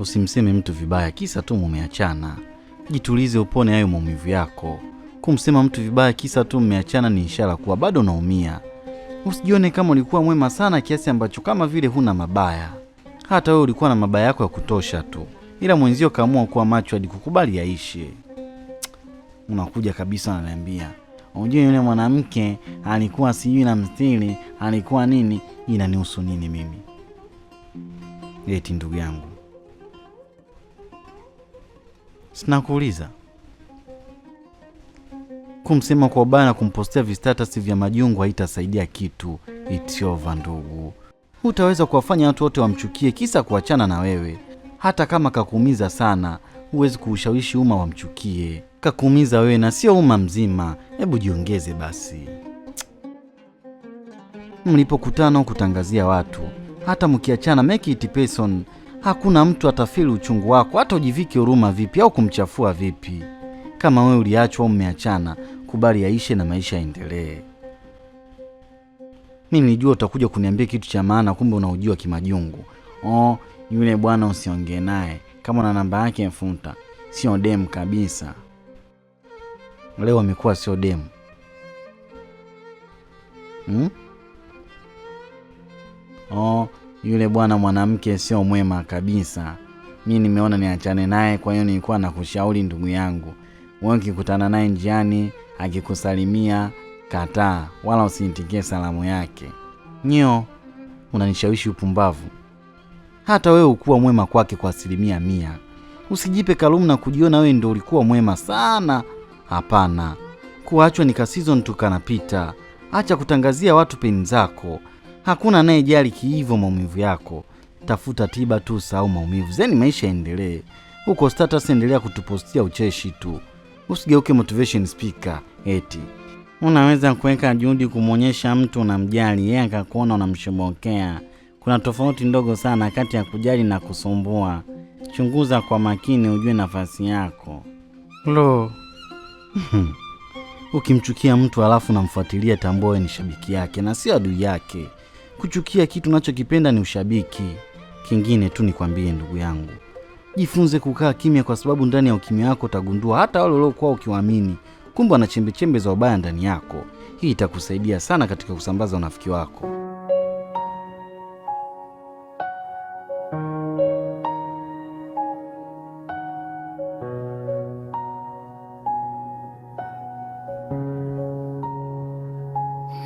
Usimseme mtu vibaya kisa tu mumeachana. Jitulize upone hayo maumivu yako. Kumsema mtu vibaya kisa tu mmeachana ni ishara kuwa bado unaumia. Usijione kama ulikuwa mwema sana kiasi ambacho kama vile huna mabaya. Hata wewe ulikuwa na mabaya yako ya kutosha tu, ila mwenzio kaamua kuwa macho hadi kukubali yaishe. Unakuja kabisa ananiambia, unajua yule mwanamke alikuwa sijui na mstiri alikuwa nini, inanihusu nini mimi? Eti ndugu yangu Sinakuuliza. Kumsema kwa ubaya na kumpostea vistatasi vya majungu haitasaidia kitu. Itiova ndugu, hutaweza kuwafanya watu wote wamchukie kisa kuachana na wewe. Hata kama kakuumiza sana, huwezi kuushawishi umma wamchukie. Kakuumiza wewe na sio umma mzima. Hebu jiongeze basi. Mlipokutana kutangazia watu, hata mkiachana, make it person hakuna mtu atafili uchungu wako, hata ujivike huruma vipi au kumchafua vipi. Kama wewe uliachwa au mmeachana, kubali yaishe na maisha yaendelee. mi nilijua utakuja kuniambia kitu cha maana, kumbe unaujua kimajungu. Oh, yule bwana usiongee naye, kama na namba yake mfuta, sio demu kabisa. Leo amekuwa sio demu hmm? Oh, yule bwana mwanamke sio mwema kabisa. Mi nimeona niachane naye, kwa hiyo nilikuwa nakushauri ndugu yangu, wewe ukikutana naye njiani akikusalimia kataa, wala usiitikie salamu yake. Nyo, unanishawishi upumbavu. Hata wewe ukuwa mwema kwake kwa asilimia mia. Usijipe kalumu na kujiona wewe ndo ulikuwa mwema sana. Hapana, kuachwa ni kasizon tukanapita. Acha kutangazia watu peni zako. Hakuna anayejali kiivo maumivu yako, tafuta tiba tu, sahau maumivu zeni, maisha yaendelee. Huko status endelea kutupostia ucheshi tu, usigeuke motivation speaker eti unaweza kuweka juhudi kumwonyesha mtu unamjali, yeye akakuona unamshobokea. Kuna tofauti ndogo sana kati ya kujali na kusumbua. Chunguza kwa makini, ujue nafasi yako. Lo, hmm. ukimchukia mtu alafu namfuatilia, tambua ni shabiki yake na sio adui yake. Kuchukia kitu unachokipenda ni ushabiki. Kingine tu nikwambie, ndugu yangu, jifunze kukaa kimya, kwa sababu ndani ya ukimya wako utagundua hata wale uliokuwa ukiwaamini, kumbe wana chembechembe za ubaya ndani yako. Hii itakusaidia sana katika kusambaza unafiki wako.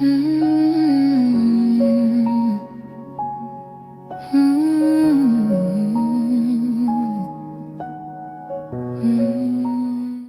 Hmm.